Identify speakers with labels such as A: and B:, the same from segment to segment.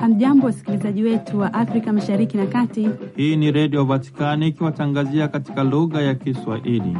A: Hamjambo, wasikilizaji wetu wa Afrika mashariki na kati.
B: Hii ni Redio Vatikani ikiwatangazia katika
C: lugha ya Kiswahili.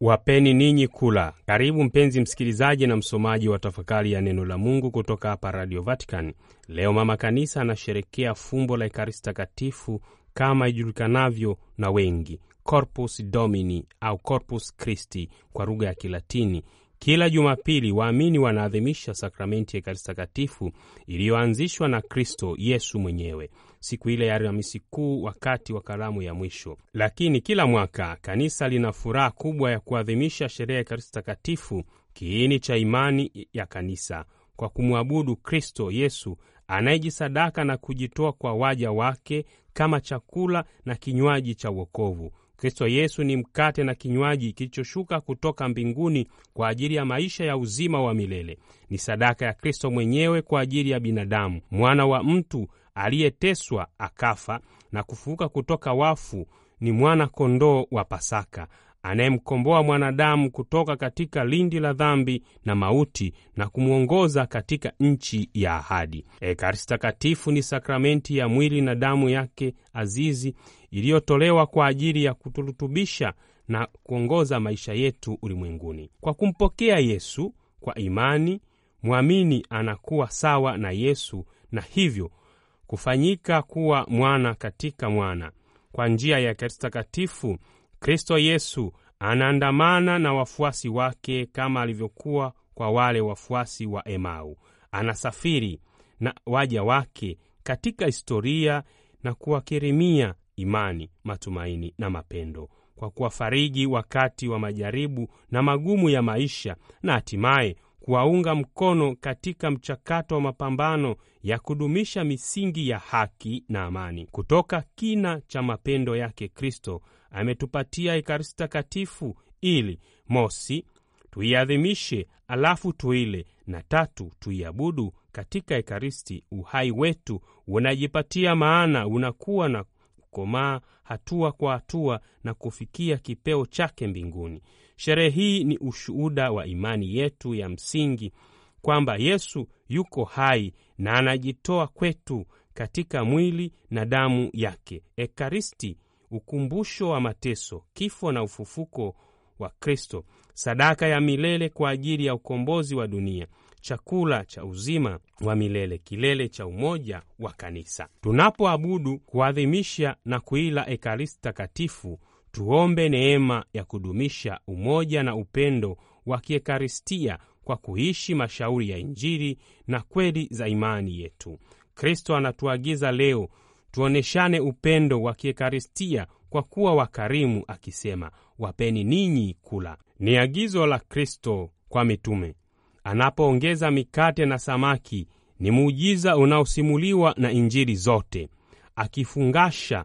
C: Wapeni ninyi kula. Karibu mpenzi msikilizaji na msomaji wa tafakari ya neno la Mungu kutoka hapa Radio Vatican. Leo Mama Kanisa anasherekea fumbo la Ekaristi Takatifu kama ijulikanavyo na wengi, Corpus Domini au Corpus Christi kwa lugha ya Kilatini. Kila Jumapili waamini wanaadhimisha sakramenti ya Ekaristi Takatifu iliyoanzishwa na Kristo Yesu mwenyewe siku ile ya Alhamisi Kuu, wakati wa karamu ya mwisho. Lakini kila mwaka kanisa lina furaha kubwa ya kuadhimisha sherehe ya Ekaristi Takatifu, kiini cha imani ya kanisa, kwa kumwabudu Kristo Yesu anayejisadaka na kujitoa kwa waja wake kama chakula na kinywaji cha wokovu. Kristo Yesu ni mkate na kinywaji kilichoshuka kutoka mbinguni kwa ajili ya maisha ya uzima wa milele. Ni sadaka ya Kristo mwenyewe kwa ajili ya binadamu, mwana wa mtu aliyeteswa akafa na kufufuka kutoka wafu. Ni mwana kondoo wa Pasaka anayemkomboa mwanadamu kutoka katika lindi la dhambi na mauti na kumwongoza katika nchi ya ahadi. Ekaristi Takatifu ni sakramenti ya mwili na damu yake azizi iliyotolewa kwa ajili ya kuturutubisha na kuongoza maisha yetu ulimwenguni. Kwa kumpokea Yesu kwa imani, mwamini anakuwa sawa na Yesu na hivyo kufanyika kuwa mwana katika mwana. Kwa njia ya Ekaristi Takatifu Kristo Yesu anaandamana na wafuasi wake kama alivyokuwa kwa wale wafuasi wa Emau. Anasafiri na waja wake katika historia na kuwakirimia imani, matumaini na mapendo kwa kuwafariji wakati wa majaribu na magumu ya maisha na hatimaye kuwaunga mkono katika mchakato wa mapambano ya kudumisha misingi ya haki na amani. Kutoka kina cha mapendo yake Kristo ametupatia Ekaristi Takatifu ili mosi, tuiadhimishe alafu tuile, na tatu, tuiabudu. Katika Ekaristi uhai wetu unajipatia maana, unakuwa na kukomaa hatua kwa hatua na kufikia kipeo chake mbinguni. Sherehe hii ni ushuhuda wa imani yetu ya msingi kwamba Yesu yuko hai na anajitoa kwetu katika mwili na damu yake. Ekaristi, ukumbusho wa mateso, kifo na ufufuko wa Kristo, sadaka ya milele kwa ajili ya ukombozi wa dunia, chakula cha uzima wa milele, kilele cha umoja wa kanisa. Tunapoabudu, kuadhimisha na kuila Ekaristi takatifu tuombe neema ya kudumisha umoja na upendo wa kiekaristia kwa kuishi mashauri ya Injili na kweli za imani yetu. Kristo anatuagiza leo tuoneshane upendo wa kiekaristia kwa kuwa wakarimu, akisema wapeni ninyi kula. Ni agizo la Kristo kwa mitume anapoongeza mikate na samaki. Ni muujiza unaosimuliwa na Injili zote, akifungasha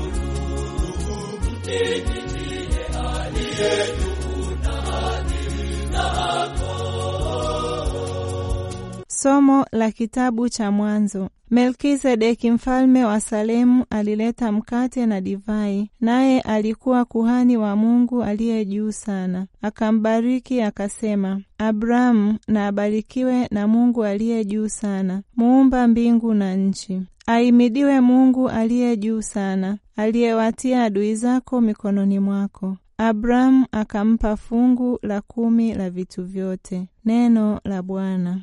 A: Somo la kitabu cha Mwanzo. Melkizedeki mfalme wa Salemu alileta mkate na divai, naye alikuwa kuhani wa Mungu aliye juu sana. Akambariki akasema, Abrahamu na abarikiwe na Mungu aliye juu sana, muumba mbingu na nchi. Aimidiwe Mungu aliye juu sana, aliyewatia adui zako mikononi mwako. Abrahamu akampa fungu la kumi la vitu vyote. Neno la Bwana.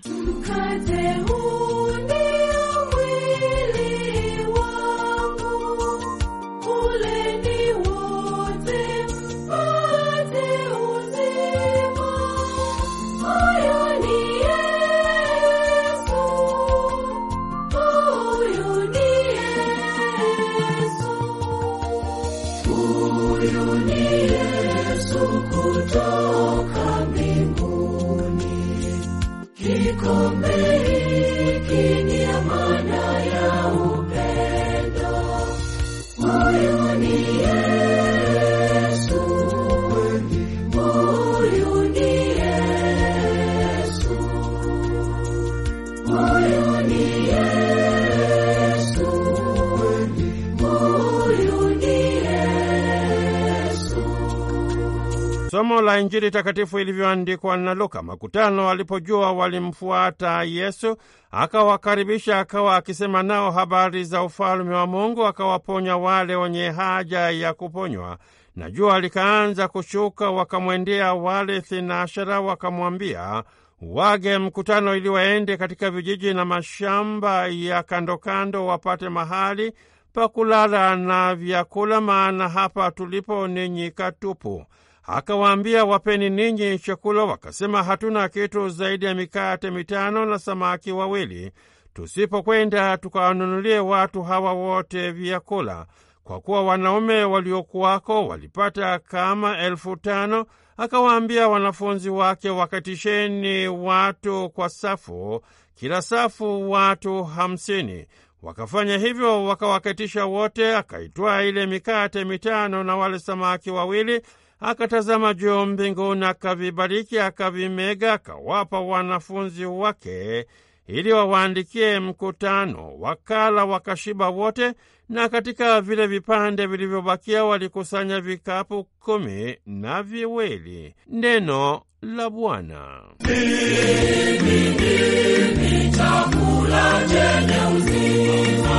B: Somo la Injili takatifu ilivyoandikwa na Luka. Makutano walipojua walimfuata Yesu, akawakaribisha akawa akisema nao habari za ufalume wa Mungu, akawaponya wale wenye haja ya kuponywa. Na jua likaanza kushuka, wakamwendea wale thinashara, wakamwambia wage mkutano ili waende katika vijiji na mashamba ya kandokando wapate mahali pa kulala na vyakula, maana hapa tulipo ni nyika tupu. Akawaambia, wapeni ninyi chakula. Wakasema, hatuna kitu zaidi ya mikate mitano na samaki wawili, tusipokwenda tukawanunulie watu hawa wote vyakula, kwa kuwa wanaume waliokuwako walipata kama elfu tano. Akawaambia wanafunzi wake, wakatisheni watu kwa safu, kila safu watu hamsini. Wakafanya hivyo, wakawakatisha wote. Akaitwaa ile mikate mitano na wale samaki wawili akatazama juu mbinguni, akavibariki, akavimega, akawapa wanafunzi wake ili wawaandikie mkutano. Wakala wakashiba wote, na katika vile vipande vilivyobakia walikusanya vikapu kumi na
C: viwili.
B: Neno la Bwana.
C: chakula chenye
A: uzima.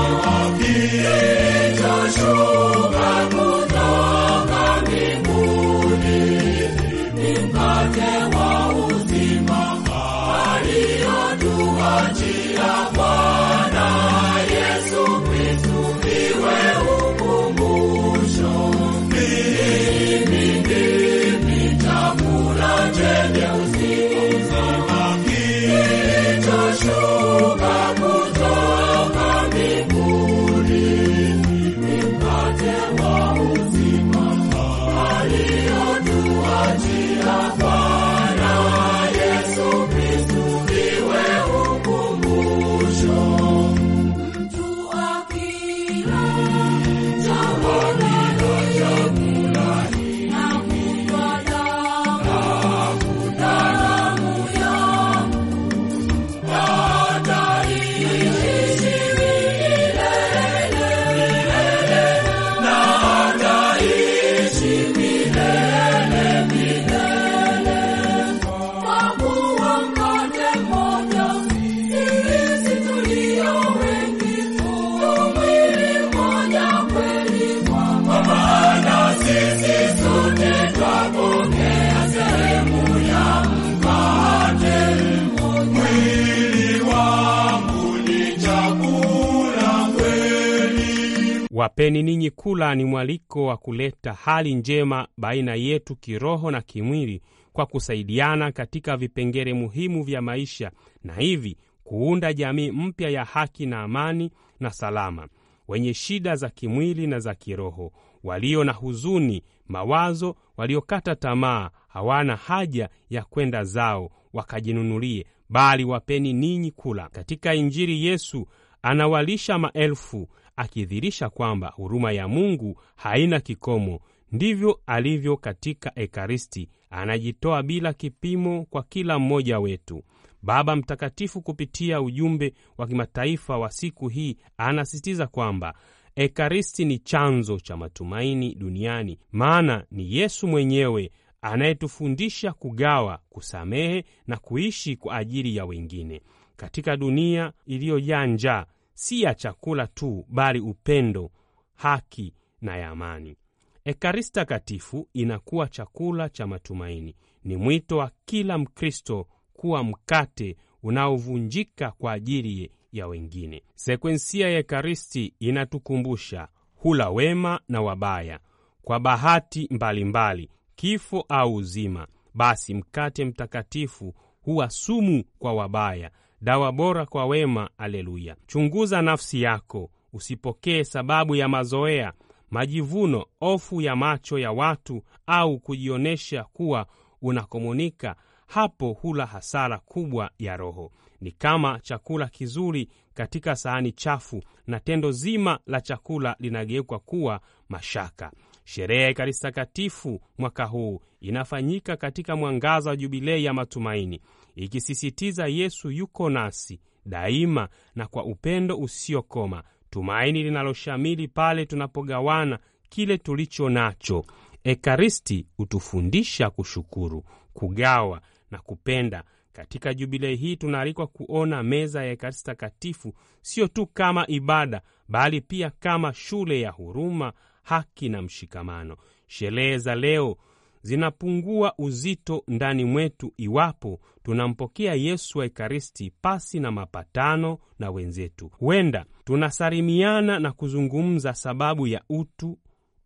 C: Wapeni ninyi kula ni mwaliko wa kuleta hali njema baina yetu kiroho na kimwili kwa kusaidiana katika vipengele muhimu vya maisha na hivi kuunda jamii mpya ya haki na amani na salama, wenye shida za kimwili na za kiroho, walio na huzuni, mawazo, waliokata tamaa, hawana haja ya kwenda zao wakajinunulie, bali wapeni ninyi kula. Katika Injili Yesu anawalisha maelfu, akidhihirisha kwamba huruma ya Mungu haina kikomo. Ndivyo alivyo katika Ekaristi, anajitoa bila kipimo kwa kila mmoja wetu. Baba Mtakatifu kupitia ujumbe wa kimataifa wa siku hii anasisitiza kwamba Ekaristi ni chanzo cha matumaini duniani, maana ni Yesu mwenyewe anayetufundisha kugawa, kusamehe na kuishi kwa ajili ya wengine. Katika dunia iliyojaa njaa, si ya chakula tu, bali upendo, haki na ya amani. Ekaristi Takatifu inakuwa chakula cha matumaini. Ni mwito wa kila Mkristo kuwa mkate unaovunjika kwa ajili ya wengine. Sekwensia ya Ekaristi inatukumbusha hula wema na wabaya, kwa bahati mbalimbali mbali, kifo au uzima. Basi mkate mtakatifu huwa sumu kwa wabaya dawa bora kwa wema. Aleluya! Chunguza nafsi yako, usipokee sababu ya mazoea, majivuno, ofu ya macho ya watu, au kujionyesha kuwa unakomunika. Hapo hula hasara kubwa ya roho. Ni kama chakula kizuri katika sahani chafu, na tendo zima la chakula linageuka kuwa mashaka. Sherehe ya Ekaristi Takatifu mwaka huu inafanyika katika mwangaza wa Jubilei ya matumaini, ikisisitiza Yesu yuko nasi daima na kwa upendo usiokoma, tumaini linaloshamili pale tunapogawana kile tulicho nacho. Ekaristi hutufundisha kushukuru, kugawa na kupenda. Katika Jubilei hii tunaalikwa kuona meza ya Ekaristi Takatifu sio tu kama ibada, bali pia kama shule ya huruma haki na mshikamano. Sherehe za leo zinapungua uzito ndani mwetu iwapo tunampokea Yesu wa Ekaristi pasi na mapatano na wenzetu. Huenda tunasalimiana na kuzungumza sababu ya utu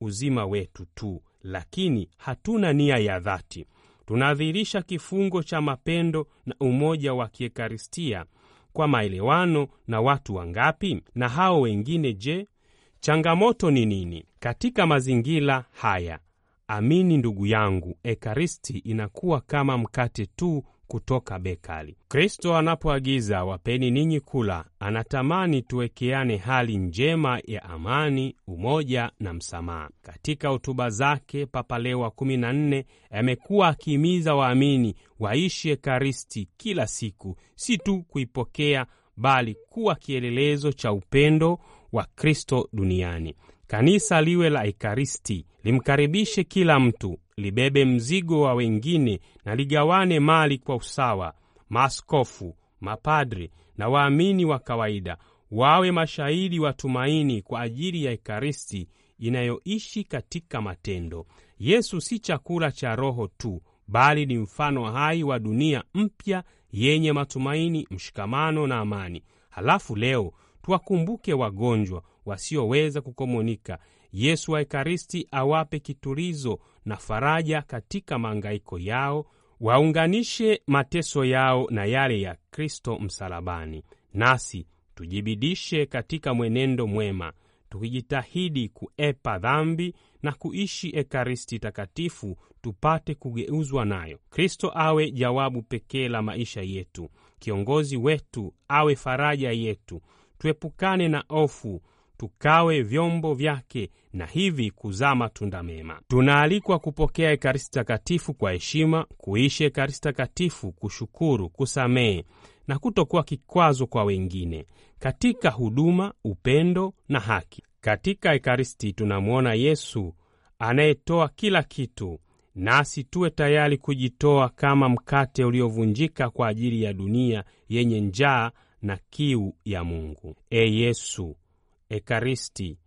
C: uzima wetu tu, lakini hatuna nia ya dhati. Tunadhihirisha kifungo cha mapendo na umoja wa kiekaristia kwa maelewano na watu wangapi? Na hao wengine je? Changamoto ni nini? Katika mazingira haya, amini ndugu yangu, Ekaristi inakuwa kama mkate tu kutoka bekali Kristo anapoagiza wapeni ninyi kula, anatamani tuwekeane hali njema ya amani, umoja na msamaha. Katika hotuba zake, Papa Leo wa 14 amekuwa akihimiza waamini waishi Ekaristi kila siku, si tu kuipokea, bali kuwa kielelezo cha upendo wa Kristo duniani. Kanisa liwe la Ekaristi, limkaribishe kila mtu, libebe mzigo wa wengine na ligawane mali kwa usawa. Maaskofu, mapadri na waamini wa kawaida wawe mashahidi wa tumaini kwa ajili ya Ekaristi inayoishi katika matendo. Yesu si chakula cha roho tu, bali ni mfano hai wa dunia mpya yenye matumaini, mshikamano na amani. Halafu leo tuwakumbuke wagonjwa wasioweza kukomunika, Yesu wa Ekaristi awape kitulizo na faraja katika maangaiko yao, waunganishe mateso yao na yale ya Kristo msalabani. Nasi tujibidishe katika mwenendo mwema, tukijitahidi kuepa dhambi na kuishi Ekaristi takatifu, tupate kugeuzwa nayo. Kristo awe jawabu pekee la maisha yetu, kiongozi wetu, awe faraja yetu. Tuepukane na ofu tukawe vyombo vyake na hivi kuzaa matunda mema. Tunaalikwa kupokea Ekaristi Takatifu kwa heshima, kuishi Ekaristi Takatifu, kushukuru, kusamehe na kutokuwa kikwazo kwa wengine katika huduma, upendo na haki. Katika Ekaristi tunamwona Yesu anayetoa kila kitu, nasi tuwe tayari kujitoa kama mkate uliovunjika kwa ajili ya dunia yenye njaa na kiu ya Mungu. E Yesu, Ekaristi.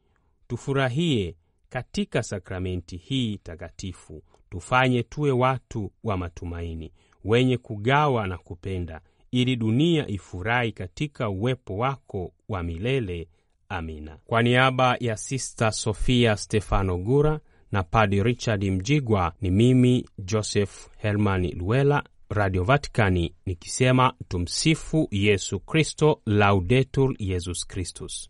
C: Tufurahie katika sakramenti hii takatifu, tufanye tuwe watu wa matumaini, wenye kugawa na kupenda, ili dunia ifurahi katika uwepo wako wa milele. Amina. Kwa niaba ya Sista Sofia Stefano Gura na Padi Richard Mjigwa, ni mimi Joseph Herman Luela, Radio Vaticani, nikisema tumsifu Yesu Kristo, Laudetur Yesus Kristus.